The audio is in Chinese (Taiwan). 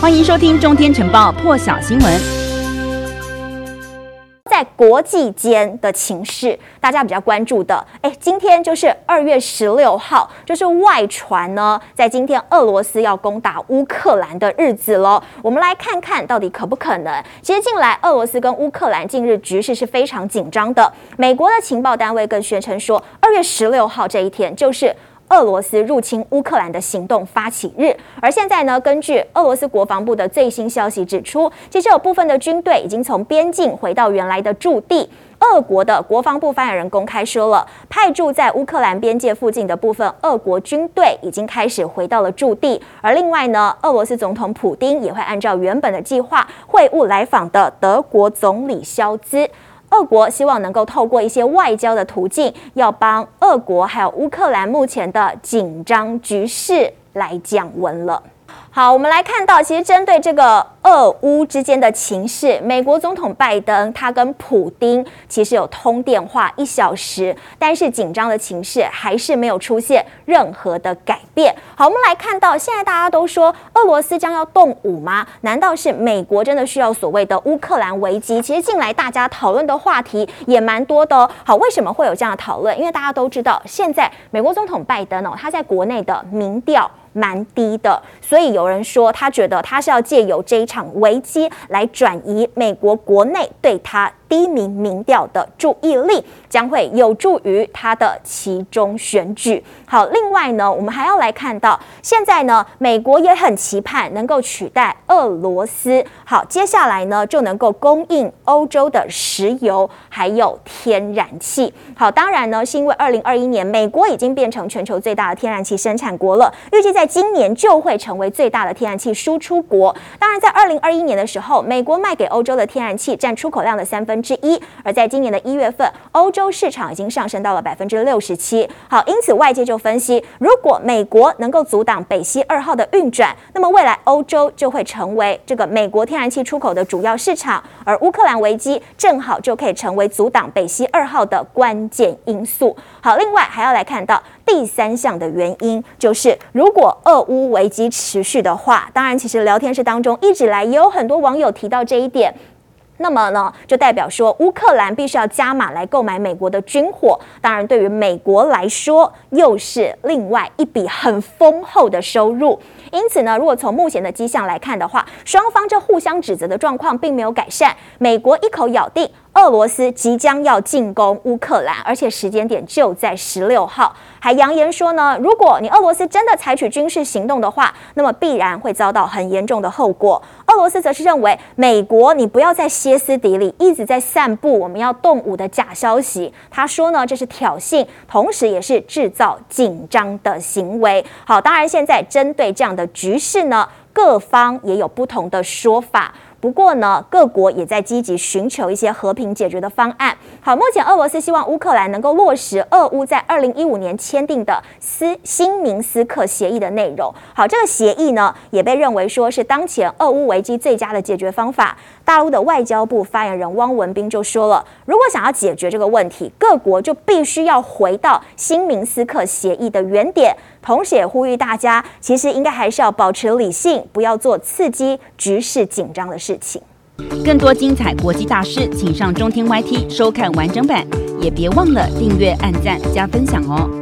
歡迎收聽《中天晨報》破曉新聞。在國際間的情勢，大家比較關注的，誒，今天就是二月十六號，就是外傳呢，在今天俄羅斯要攻打烏克蘭的日子了。我們來看看到底可不可能？其實近來，俄羅斯跟烏克蘭近日局勢是非常緊張的。美國的情報單位更宣稱說，二月十六號這一天就是。俄羅斯入侵烏克蘭的行動發起日，而現在呢，根據俄羅斯國防部的最新消息指出，其實有部分的軍隊已經從邊境回到原來的駐地。俄國的國防部發言人公開說了，派駐在烏克蘭邊界附近的部分俄國軍隊已經開始回到了駐地。而另外呢，俄羅斯總統普丁也會按照原本的計劃會晤來訪的德國總理蕭茲。俄國希望能夠透過一些外交的途徑，要幫俄國還有烏克蘭目前的緊張局勢來降溫了。好，我們來看到，其實針對這個俄烏之間的情勢，美國總統拜登他跟普丁其實有通電話一小時，但是緊張的情勢還是沒有出現任何的改變。好，我們來看到，現在大家都說俄羅斯將要動武嗎？難道是美國真的需要所謂的烏克蘭危機？其實近來大家討論的話題也蠻多的哦。好，為什麼會有這樣的討論？因為大家都知道，現在美國總統拜登哦，他在國內的民調。蠻低的，所以有人說，他覺得他是要借由這一場危機來轉移美國國內對他低明民調的注意力將會有助於他的期中選舉。好，另外呢，我們還要來看到，現在呢，美國也很期盼能夠取代俄羅斯。好，接下來呢，就能夠供應歐洲的石油還有天然氣。好，當然呢，是因為二零二一年美國已經變成全球最大的天然氣生產國了，預計在今年就會成為最大的天然氣輸出國。當然，在二零二一年的時候，美國賣給歐洲的天然氣占出口量的三分。之一，而在今年的一月份，歐洲市場已經上升到了百分之六十七。好，因此外界就分析，如果美國能夠阻擋北溪二號的運轉，那麼未來歐洲就會成為這個美國天然氣出口的主要市場，而烏克蘭危機正好就可以成為阻擋北溪二號的關鍵因素。好，另外還要來看到第三項的原因，就是如果俄烏危機持續的話，當然其實聊天室當中一直來也有很多網友提到這一點。那麼呢，就代表說烏克蘭必須要加碼來購買美國的軍火，當然對於美國來說，又是另外一筆很豐厚的收入。因此呢，如果從目前的跡象來看的話，雙方這互相指責的狀況並沒有改善，美國一口咬定。俄羅斯即將要進攻烏克蘭，而且時間點就在十六號，還揚言說呢，如果你俄羅斯真的採取軍事行動的話，那麼必然會遭到很嚴重的後果。俄羅斯則是認為，美國你不要再歇斯底里，一直在散布我們要動武的假消息，他說呢，這是挑釁，同時也是制造緊張的行為。好，當然現在針對這樣的局勢呢，各方也有不同的說法。不過呢，各國也在積極尋求一些和平解決的方案。好，目前俄羅斯希望烏克蘭能夠落實俄烏在二零一五年簽訂的《斯新明斯克協議》的內容。好，這個協議呢，也被認為說是當前俄烏危機最佳的解決方法。大陸的外交部發言人汪文斌就說了，如果想要解決這個問題，各國就必須要回到新明斯克協議的原點。同時也呼籲大家，其實應該還是要保持理性，不要做刺激局勢緊張的事情。更多精彩國際大事，請上中天 YT 收看完整版，也別忘了訂閱、按讚、加分享哦。